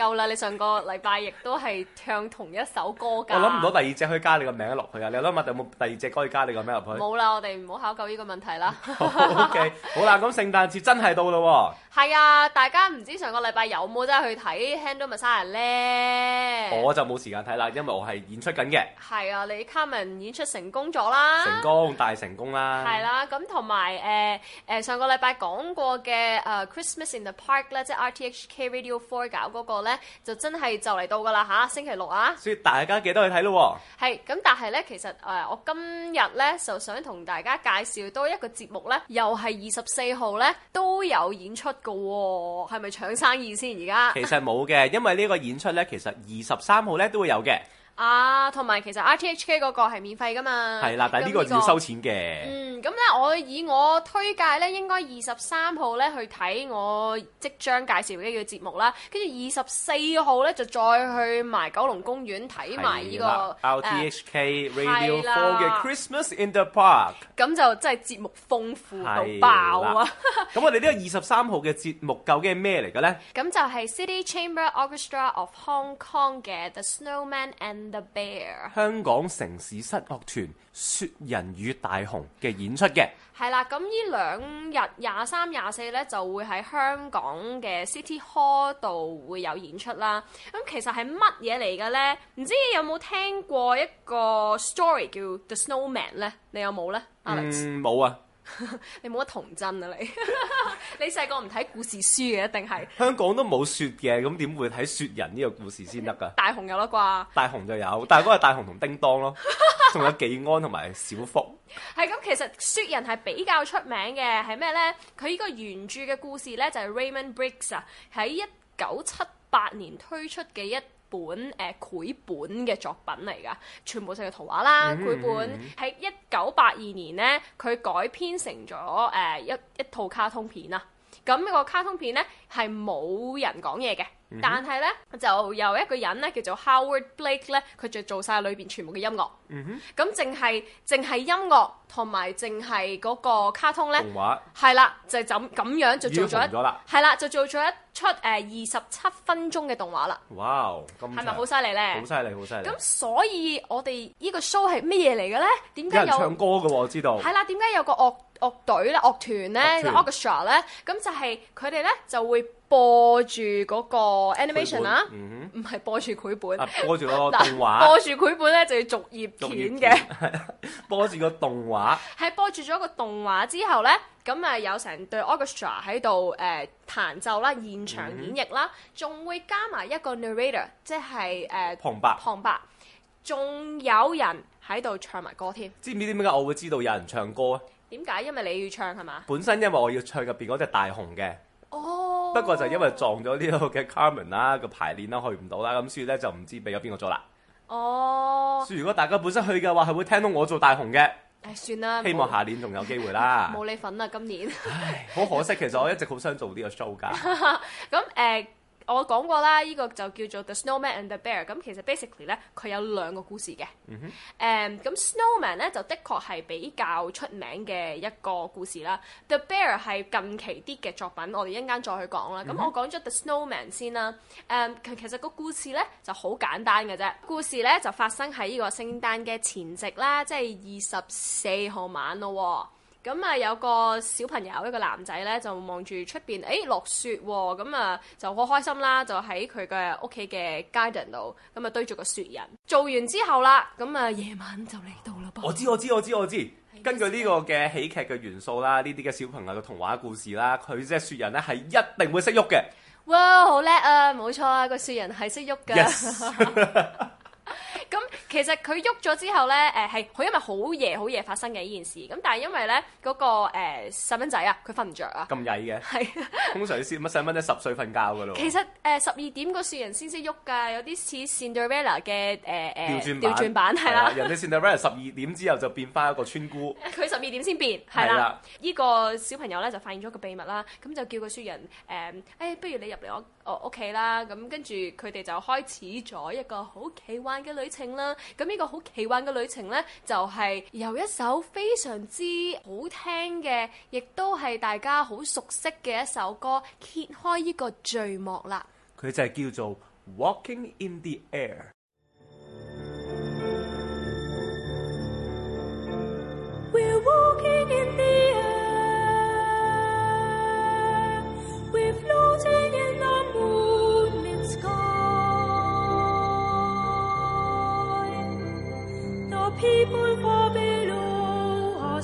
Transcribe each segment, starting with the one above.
夠啦！你上個禮拜亦都係唱同一首歌㗎。我諗唔到第二隻可以加你個名落去啊！你諗下有冇第二隻可以加你個名入去？冇啦，我哋唔好考究呢個問題啦。OK，好啦，咁聖誕節真係到啦喎。係啊，大家唔知上個禮拜有冇真係去睇《Handel Messiah》咧？我就冇時間睇啦，因為我係演出緊嘅。係啊，你卡文演出成功咗啦。成功，大成功啦。係啦，咁同埋誒誒上個禮拜講過嘅誒《Christmas in the Park》咧，即係 RTHK Radio Four 搞嗰個咧。就真係就嚟到噶啦嚇，星期六啊，所以大家記得去睇咯。係咁，但係呢，其實誒，我今日呢，就想同大家介紹多一個節目呢，又係二十四號呢都有演出噶喎。哦，係咪搶生意先而家？其實冇嘅，因為呢個演出呢，其實二十三號呢都會有嘅。啊，同埋其實 RTHK 嗰個係免費㗎嘛，係啦，但係呢個要收錢嘅。嗯，咁咧我以我推介咧，應該二十三號咧去睇我即將介紹嘅一個節目啦，跟住二十四號咧就再去埋九龍公園睇埋呢個的、uh, RTHK Radio Four 嘅的 Christmas in the Park。咁就真係節目豐富到的爆啊！咁 我哋呢個二十三號嘅節目究竟係咩嚟嘅咧？咁就係 City Chamber Orchestra of Hong Kong 嘅 The Snowman and The Bear 香港城市室樂團《雪人與大熊》嘅演出嘅，係啦，咁呢兩日廿三、廿四咧就會喺香港嘅 City Hall 度會有演出啦。咁其實係乜嘢嚟嘅咧？唔知你有冇聽過一個 story 叫《The Snowman》咧？你有冇咧，Alex？冇、嗯、啊。 你冇乜童真啊！你 你細個唔睇故事書嘅，一定係香港都冇雪嘅，咁點會睇雪人呢個故事先得噶？大雄有啦啩，大雄就有，但係嗰個大雄同叮當咯，仲 有紀安同埋小福。係咁， 其實雪人係比較出名嘅，係咩呢？佢呢個原著嘅故事呢，就係、是、Raymond Briggs 啊，喺一九七八年推出嘅一。本誒、呃、繪本嘅作品嚟㗎，全部係個圖畫啦。繪、嗯、本喺一九八二年呢，佢改編成咗誒、呃、一一套卡通片啊。咁呢個卡通片咧係冇人講嘢嘅，嗯、哼但係咧就有一個人咧叫做 Howard Blake 咧，佢就做晒裏面全部嘅音樂。嗯哼，咁淨係淨係音樂同埋淨係嗰個卡通咧，係啦畫，就咁咁樣就做咗一，係啦，就做咗一出誒二十七分鐘嘅動畫啦。哇！咁係咪好犀利咧？好犀利，好犀利。咁所以我哋呢個 show 係咩嘢嚟嘅咧？點解有，有唱歌嘅喎、啊？我知道係啦，點解有個樂？樂隊咧、樂團咧、個 orchestra 咧，咁就係佢哋咧就會播住嗰個 animation 啦、啊，唔係、嗯、播住繪本，啊、播住個動畫，播住繪本咧就要逐頁片嘅，播住個動畫。喺播住咗個動畫之後咧，咁啊有成隊 orchestra 喺度誒彈奏啦、現場演繹啦，仲、嗯、哼會加埋一個 narrator，即係誒旁白，旁、呃、白，仲伯有人喺度唱埋歌添。知唔知點解我會知道有人唱歌啊？點解？因為你要唱係嘛？本身因為我要唱入邊嗰隻大熊嘅。哦。Oh. 不過就因為撞咗呢個嘅 Carmen 啦、啊，個排練啦去唔到啦，咁所以咧就唔知俾咗邊個做啦。哦。Oh. 所以如果大家本身去嘅話，係會聽到我做大熊嘅。唉了，算啦。希望下沒年仲有機會啦。冇你份啦、啊，今年。 唉，好可惜，其實我一直好想做呢個 show 㗎。咁誒。 呃我講過啦，呢、呢個就叫做 The Snowman and the Bear。咁其實 basically 呢，佢有兩個故事嘅。咁 Snowman 呢，就、um, 的確係比較出名嘅一個故事啦。The Bear 係近期啲嘅作品，我哋一陣間再去講啦。咁、嗯、哼我講咗 The Snowman 先啦。Um, 其實個故事呢，就好簡單嘅啫。故事呢，就發生喺呢個聖誕嘅前夕啦，即係二十四號晚咯、哦。咁啊，有個小朋友，一個男仔呢、欸，就望住出面，誒落雪喎，咁啊就好開心啦，就喺佢嘅屋企嘅 garden 度，咁啊堆住個雪人。做完之後啦，咁啊夜晚就嚟到啦噃。我知我知我知我知，根據呢個嘅喜劇嘅元素啦，呢啲嘅小朋友嘅童話故事啦，佢即係雪人呢，係一定會識喐嘅。哇，好叻啊！冇錯啊，個雪人係識喐㗎。Yes. 咁、嗯、其實佢喐咗之後咧，誒係佢因為好夜好夜發生嘅呢件事。咁但係因為咧嗰、那個誒細蚊仔啊，佢瞓唔着啊。咁曳嘅。係。麼 通常你先乜細蚊仔十歲瞓覺噶咯。其實誒十二點個雪人先識喐㗎，有啲似《Cinderella、呃》嘅誒誒。調轉版係啦。啊、人哋《Cinderella》十二點之後就變翻一個村姑。佢十二點先變。係啦、啊。呢、啊、個小朋友咧就發現咗個秘密啦，咁就叫個雪人誒，誒、呃哎、不如你入嚟我我屋企啦。咁、嗯、跟住佢哋就開始咗一個好奇幻嘅旅程。啦，咁呢個好奇幻嘅旅程呢，就係由一首非常之好聽嘅，亦都係大家好熟悉嘅一首歌揭開呢個序幕啦。佢就係叫做《Walking in the Air》in the。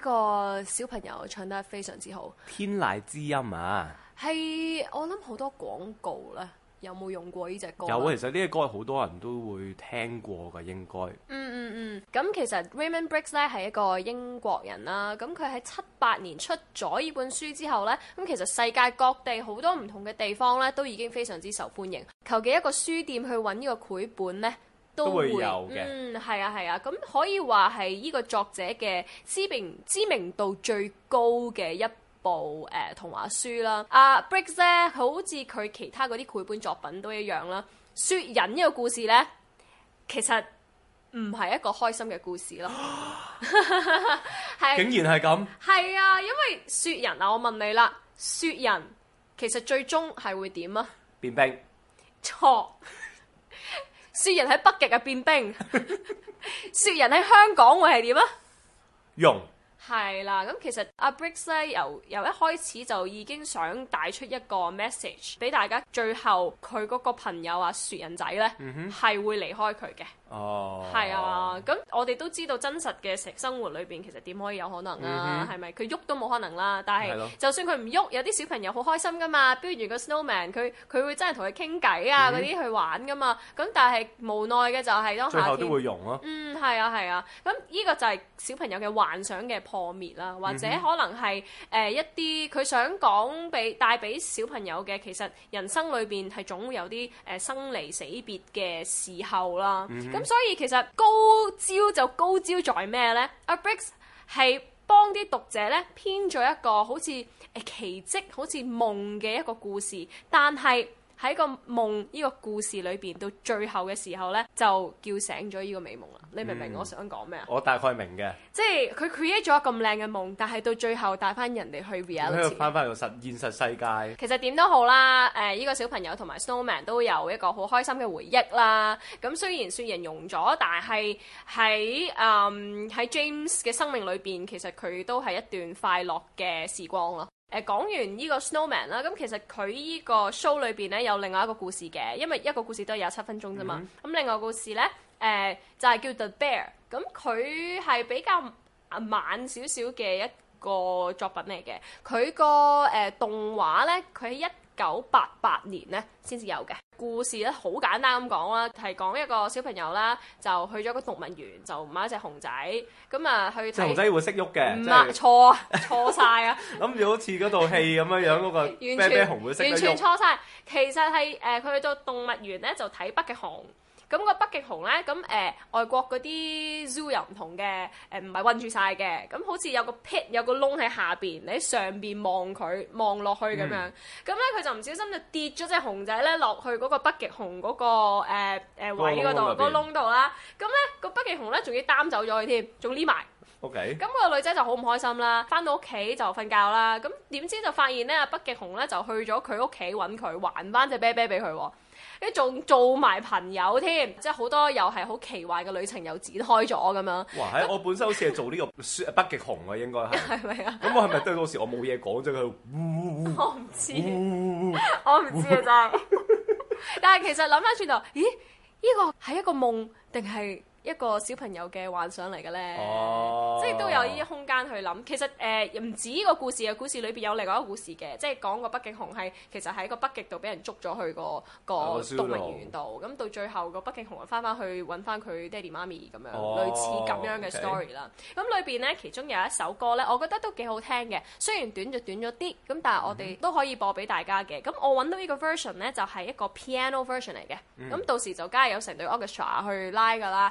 一個小朋友唱得非常之好，天籟之音啊！係，我諗好多廣告咧，有冇用過這呢隻歌？有，其實呢隻歌好多人都會聽過㗎，應該、嗯。嗯嗯嗯，咁其實 Raymond Briggs 咧係一個英國人啦、啊，咁佢喺七八年出咗呢本書之後呢，咁其實世界各地好多唔同嘅地方呢，都已經非常之受歡迎。求其一個書店去搵呢個繪本呢。都會，會有嘅，嗯，係啊，係啊，咁可以話係呢個作者嘅知名知名度最高嘅一部誒、呃、童話書啦。阿、uh, Briggs 咧，好似佢其他嗰啲繪本作品都一樣啦。雪人呢個故事咧，其實唔係一個開心嘅故事咯。 是竟然係咁？係啊，因為雪人啊，我問你啦，雪人其實最終係會點啊？變冰便便？錯。雪人喺北極嘅、啊、變冰。 雪人喺香港會係點啊？啊用？係啦，咁其實阿 Bricks 咧由由一開始就已經想帶出一個 message 俾大家，最後佢嗰個朋友啊，雪人仔咧係、嗯、哼會離開佢嘅。哦，係、oh. 啊，咁我哋都知道真實嘅生活裏面其實點可以有可能啦、啊，係咪、mm？佢、hmm. 喐都冇可能啦，但係就算佢唔喐，有啲小朋友好開心噶嘛，mm hmm. 比如如個 snowman，佢佢會真係同佢傾偈啊嗰啲去玩噶嘛，咁但係無奈嘅就係當夏天，最後都會融咯、啊。嗯，係啊，係啊，咁呢個就係小朋友嘅幻想嘅破滅啦，或者可能係、mm hmm. 呃、一啲佢想講俾帶俾小朋友嘅，其實人生裏面係總會有啲生離死別嘅時候啦。Mm hmm. 咁所以其實高招就高招在咩呢？Abricks 係幫啲讀者咧編咗一個好似誒奇蹟、好似夢嘅一個故事，但係，喺個夢呢個故事裏邊，到最後嘅時候呢，就叫醒咗呢個美夢啦。你明唔明我想講咩啊？我大概明嘅。即係佢 create 咗咁靚嘅夢，但係到最後帶翻人哋去 real 翻翻個實現實世界。其實點都好啦，誒、呃，呢、這個小朋友同埋 Snowman 都有一個好開心嘅回憶啦。咁雖然雪人融咗，但係喺誒喺 James 嘅生命裏邊，其實佢都係一段快樂嘅時光咯。誒講完呢個 Snowman 啦，咁其實佢呢個 show 裏面呢，有另外一個故事嘅，因為一個故事都係廿七分鐘啫嘛。咁、mm hmm. 另外一個故事呢，呃、就係、是、叫 the Bear，咁佢係比較慢少少嘅一個作品嚟嘅。佢個誒動畫呢，佢係一九八八年咧，先至有嘅故事咧，好簡單咁講啦，係講一個小朋友啦，就去咗個動物園，就買一隻熊仔，咁、嗯、啊去。熊仔會識喐嘅。唔係錯啊，錯晒是啊！諗住 好似嗰套戲咁樣樣，嗰、那個啤啤熊會識喐。完全錯晒，其實係誒，佢、呃、去到動物園咧，就睇北極熊。咁個北極熊咧，咁誒、呃、外國嗰啲 zoo 又唔同嘅，誒唔係韞住晒嘅，咁好似有個 pit 有個窿喺下邊，你喺上邊望佢望落去咁樣，咁咧佢就唔小心就跌咗隻熊仔咧落去嗰個北極熊嗰、那個誒、呃呃、位嗰度個窿度啦，咁、那、咧個北極熊咧仲要擔走咗佢添，仲匿埋。O K。咁個女仔就好唔開心啦，翻到屋企就瞓覺啦，咁點知就發現咧，北極熊咧就去咗佢屋企揾佢，還翻隻啤啤俾佢喎。跟住仲做埋朋友添，即係好多又係好奇怪嘅旅程又展開咗咁樣。哇！係那我本身好似係做呢個雪 北極熊啊，應該係咪啊？咁我係咪對到時我冇嘢講啫？佢。我唔知。我唔知啊，真係。但係其實諗翻轉頭，咦？呢、這個係一個夢定係？一個小朋友嘅幻想嚟嘅咧，oh, 即係都有呢啲空間去諗。其實誒，唔、呃、止呢個故事嘅故事裏面有另外一個故事嘅，即係講個北極熊係其實喺個北極度俾人捉咗去個個動物園度，咁、oh, 到最後個北極熊又翻翻去揾翻佢爹哋媽咪咁樣，oh, 類似咁樣嘅 story 啦。咁裏邊呢，其中有一首歌呢，我覺得都幾好聽嘅，雖然短就短咗啲，咁但係我哋都可以播俾大家嘅。咁我揾到呢個 version 呢，就係、是、一個 piano version 嚟嘅，咁、oh, okay. 到時就梗係有成隊 orchestra 去拉㗎啦。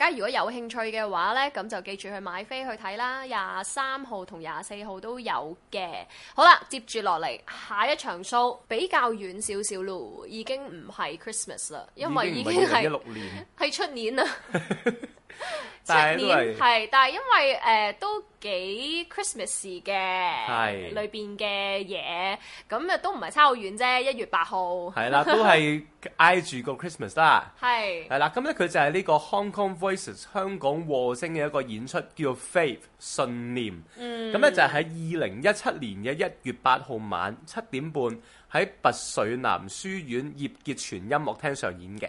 家如果有興趣嘅話呢，咁就記住去買飛去睇啦！廿三號同廿四號都有嘅。好啦，接住落嚟下一場 show 比較遠少少咯，已經唔係 Christmas 啦，因為已經係係出年啦。 七年係，但係因為誒、呃、都幾 Christmas 嘅，係是裏邊嘅嘢，咁啊都唔係差好遠啫，一月八號係啦，都係挨住個 Christmas 啦，係係啦，咁咧佢就係呢個 Hong Kong Voices 香港和聲嘅一個演出，叫 Faith 信念，咁咧、嗯、就係喺二零一七年嘅一月八號晚七點半喺拔萃男書院葉傑全音樂廳上演嘅。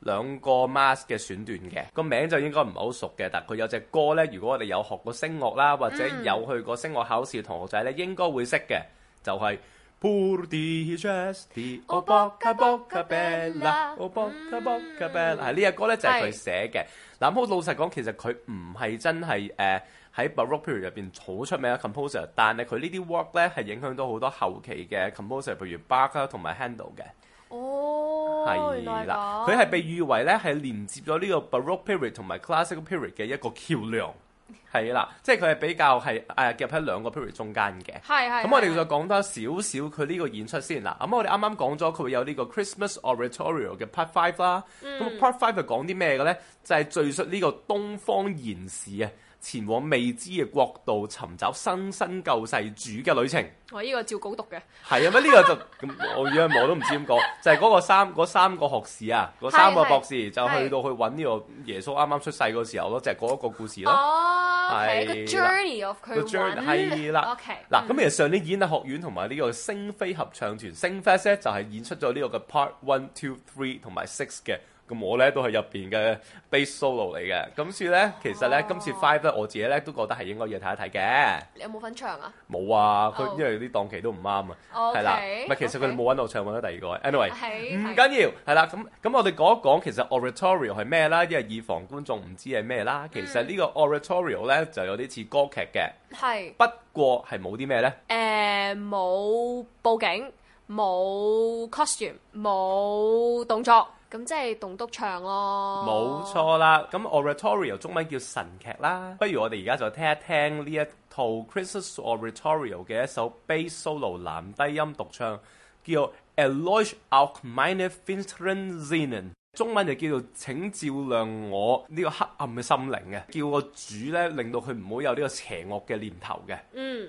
兩個 mask 嘅選段嘅個名就應該唔係好熟嘅，但係佢有隻歌咧，如果我哋有學過聲樂啦，或者有去過聲樂考試嘅同學仔咧，應該會識嘅，就係 Pur dicesti,、mm. o bocca, o bocca bella，o bocca, o bocca bella、mm. 呢隻歌咧就係佢寫嘅。嗱是，好老實講，其實佢唔係真係誒喺、呃、Baroque period 入邊好出名嘅 composer，但係佢呢啲 work 咧係影響到好多後期嘅 composer，譬如 Bach 同埋 Handel 嘅。係啦，佢係、哦、被譽為咧係連接咗呢個 Baroque period 同埋 Classical period 嘅一個橋梁。係啦， 即係佢係比較係誒夾喺兩個 period 中間嘅。係係 的。咁我哋再講多少少佢呢個演出先啦。咁我哋啱啱講咗佢會有呢個 Christmas Oratorio 嘅 Part Five 啦。咁、嗯、Part Five 係講啲咩嘅咧？就係、是、敘述呢個東方言事啊。前往未知嘅國度尋找新生救世主嘅旅程。我呢、這個照稿讀嘅。係啊，咩、這、呢個就咁？ 我而家我都唔知點講，就係、是、嗰個三嗰 三個學士啊，嗰三個博士就去到去搵呢個耶穌啱啱出世嗰時候咯，就係、是、嗰一個故事咯。係個、哦 okay, 啦 the journey of 佢係啦。OK，嗱咁其實上年演藝學院同埋呢個星飛合唱團，星飛就係、是、演出咗呢個嘅 part one two three 同埋 six 嘅。咁我咧都係入面嘅 base solo 嚟嘅，咁所以咧，其實咧、oh. 今次 five 咧，我自己咧都覺得係應該要睇一睇嘅。你有冇份唱啊？冇啊，佢、oh. 因為啲檔期都唔啱啊，係 Okay, 啦。唔係其實佢哋冇搵我唱，搵咗第二個。Anyway，唔緊要係啦。咁咁我哋講一講其實 oratorio 係咩啦？因為以防觀眾唔知係咩啦。其實個呢個 oratorio 咧就有啲似歌劇嘅，係是不過係冇啲咩咧？冇、呃、佈景，冇 costume，冇動作。咁即係棟篤唱咯，冇錯啦。咁 Oratorio 中文叫神劇啦，不如我哋而家就聽一聽呢一套 Christmas Oratorio 嘅一首 Bass Solo 男低音獨唱，叫 Erleucht auch meine finstre Sinnen，中文就叫做請照亮我呢個黑暗嘅心靈嘅，叫個主咧令到佢唔好有呢個邪惡嘅念頭嘅。嗯。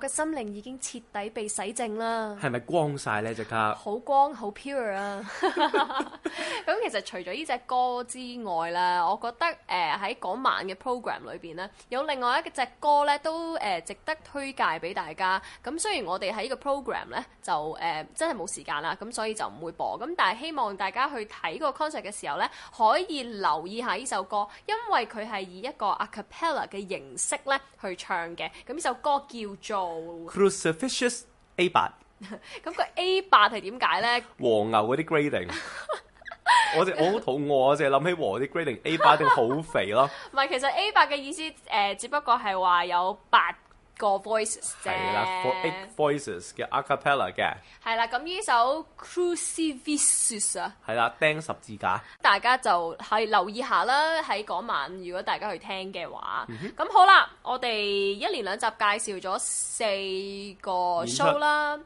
我個心靈已經徹底被洗淨啦，係咪光晒呢？隻卡好光好 pure 啊！咁 其實除咗依隻歌之外啦，我覺得。誒喺嗰晚嘅 program 裏邊有另外一隻歌咧都、呃、值得推介俾大家。咁、嗯、雖然我哋喺呢個 program 咧就誒、呃、真係冇時間啦，咁、嗯、所以就唔會播。咁、嗯、但係希望大家去睇個 concert 嘅時候咧，可以留意一下呢首歌，因為佢係以一個 a cappella 嘅形式咧去唱嘅。咁、嗯、呢首歌叫做 Cru《Crucifixus A 八》那。咁個 A 八係點解咧？黃牛嗰啲 grading。 我，我，想我就我好肚餓啊！淨係諗起和啲 grading A 八一定好肥咯。唔係，其實 A 八嘅意思誒、呃，只不過係話有八個 vo voices 啫。係啦 eight voices 嘅 acapella 嘅。係啦，咁呢首 Crucifixus 啊。係啦，釘十字架。大家就係留意一下啦，喺嗰晚如果大家去聽嘅話。咁、嗯、哼好啦，我哋一連兩集介紹咗四個 show 出啦。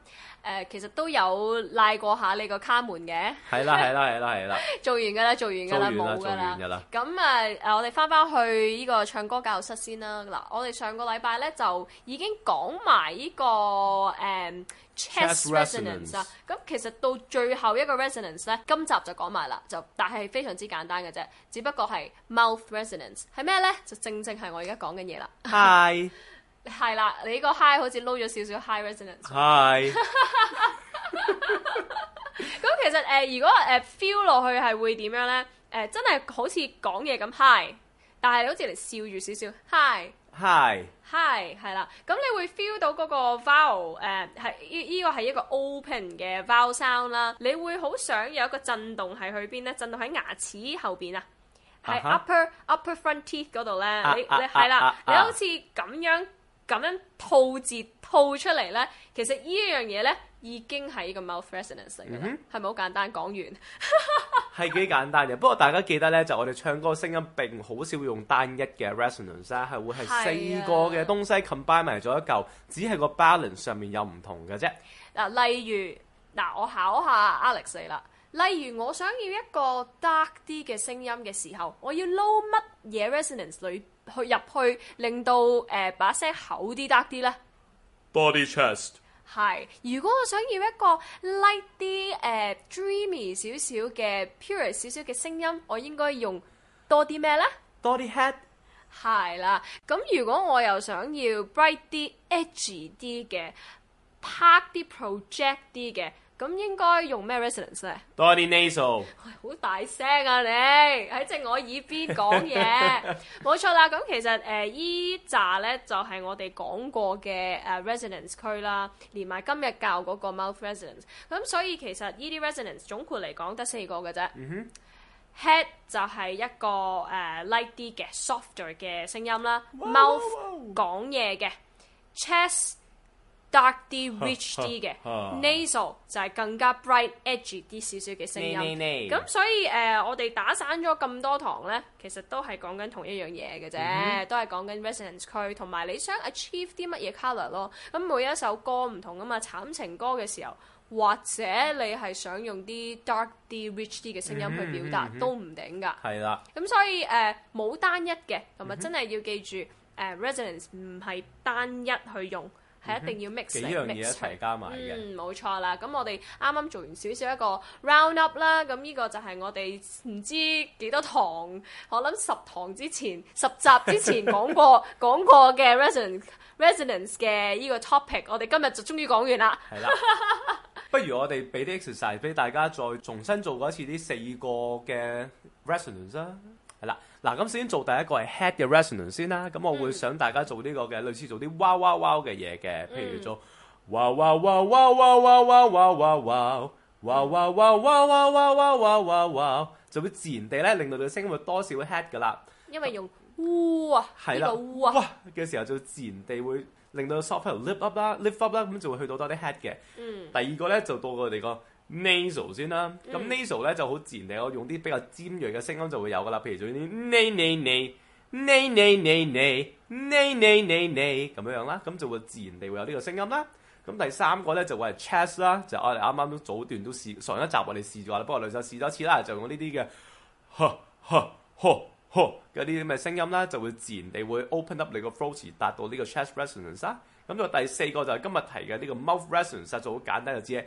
誒、呃，其實都有賴過一下你個卡門嘅。係啦，係啦，係啦，係啦。做完㗎啦，做完㗎啦，冇㗎啦。咁誒，誒、呃，我哋翻返去呢個唱歌教室先啦。嗱，我哋上個禮拜咧就已經講埋呢個誒、呃、chest resonance 啊。咁其實到最後一個 resonance 咧，今集就講埋啦，就但係非常之簡單嘅啫，只不過係 mouth resonance 係咩咧？就正正係我而家講緊嘢啦。Hi。係啦，你呢個 high 好似撈咗少少 high resonance。high。咁其實誒，如果誒 feel 落去係會點樣咧？誒，真係好似講嘢咁 high，但係好似嚟笑住少少 high。high。high，係啦，咁你會 feel 到嗰個 vowel 誒係呢，呢個係一個 open 嘅 vowel sound 啦。你會好想有一個震動係去邊咧？震動喺牙齒後邊啊，喺 upper upper front teeth 嗰度咧。你，你係啦，你好似咁樣。咁樣吐字吐出嚟呢，其實呢樣嘢呢已經係個 mouth resonance 嚟嘅，係咪好簡單講完？係 幾簡單嘅，不過大家記得呢，就我哋唱歌聲音並好少用單一嘅 resonance 啊，係會係四個嘅東西 combine 埋咗一嚿，啊、只係個 balance 上面有唔同嘅啫。嗱，例如嗱，我考下 Alex 啦。例如我想要一個 dark 啲嘅聲音嘅時候，我要撈乜嘢 resonance 裏？去入去令到、呃、把聲厚啲得啲咧，Body chest？係，如果我想要一個 light 啲、dreamy 少少嘅 pure 少少嘅聲音，我應該用多啲咩咧？多啲 head。係啦，咁如果我又想要 bright 啲、edgy 啲嘅，park 啲、project 啲嘅。咁應該用咩 resonance 咧？多啲 nasal。好大聲啊！你喺正我耳邊講嘢，冇錯啦。咁其實誒依扎咧就係我哋講過嘅誒 resonance 區啦，連埋今日教嗰個 mouth resonance。咁所以其實依啲 resonance 總括嚟講得四個嘅啫。Head 就係一個誒 light 啲嘅 softer 嘅聲音啦，mouth 講嘢嘅 chest。dark 啲、rich 啲嘅 nasal 就係更加 bright、edgy 啲少少嘅聲音。咁 所以誒、呃，我哋打散咗咁多堂呢，其實都係講緊同一樣嘢嘅啫，嗯、哼都係講緊 resonance 區，同埋你想 achieve 啲乜嘢 color 咯。咁每一首歌唔同啊嘛，慘情歌嘅時候，或者你係想用啲 dark 啲、rich 啲嘅聲音去表達，嗯、哼都唔頂噶。係啦的。咁所以誒，冇、呃、單一嘅同埋，真係要記住誒 resonance 唔係單一去用。係一定要 mix 幾樣嘢一齊加埋嘅，嗯，冇的錯啦。咁我哋啱啱做完少少一個 round up 啦。咁呢個就係我哋唔知幾多堂，我諗十堂之前十集之前講過 講過嘅 resonance resonance 嘅依個 topic，我哋今日就終於講完啦。係啦，不如我哋俾啲 exercise 俾大家再重新做過一次呢四個嘅 resonance 啊。係啦。嗱，咁先做第一個，係 head 嘅 resonance 先啦。咁我會想大家做呢個嘅類似，做啲哇哇哇嘅嘢，嘅譬如做哇哇哇哇哇哇哇哇哇哇哇哇哇哇哇哇哇哇哇哇哇哇哇哇哇哇哇哇，就會自然地咧，令到你嘅聲音多少會 head 㗎喇，因為用嗚啊，係啦，哇哇嘅時候就自然地會令到 soft lift up 啦 lift up 啦，咁就會去到多啲 head 嘅。第二個咧，就到我哋個 nasal 先啦，咁 nasal 咧就好自然地我用啲比較尖鋭嘅聲音就會有噶啦，譬如做啲 n a ne ne ne ne ne ne ne 咁樣啦，咁就會自然地會有呢個聲音啦。咁第三個咧就係 chest 啦，就我哋啱啱都早段都試上一集我哋試咗啦，不過再試咗一次啦，就用呢啲嘅嗰啲咁嘅聲音啦，就會自然地會 open up 你個 throat 嚟達到呢個 chest resonance 啦。咁就第四個就係今日提嘅呢個 mouth resonance，就好簡單就知。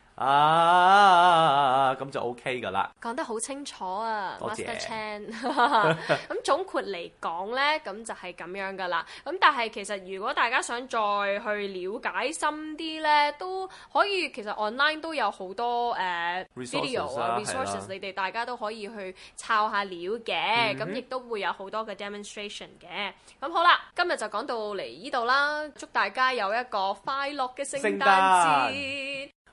啊，咁就 OK 噶啦，講得好清楚啊，謝謝，Master Chan 呵呵。咁 總括嚟講呢，咁就係咁樣噶啦。咁但係其實如果大家想再去了解深啲呢，都可以其實 online 都有好多誒 video resources，你哋大家都可以去抄下料嘅。咁亦都會有好多嘅 demonstration 嘅。咁好啦，今日就講到嚟呢度啦，祝大家有一個快樂嘅聖誕節。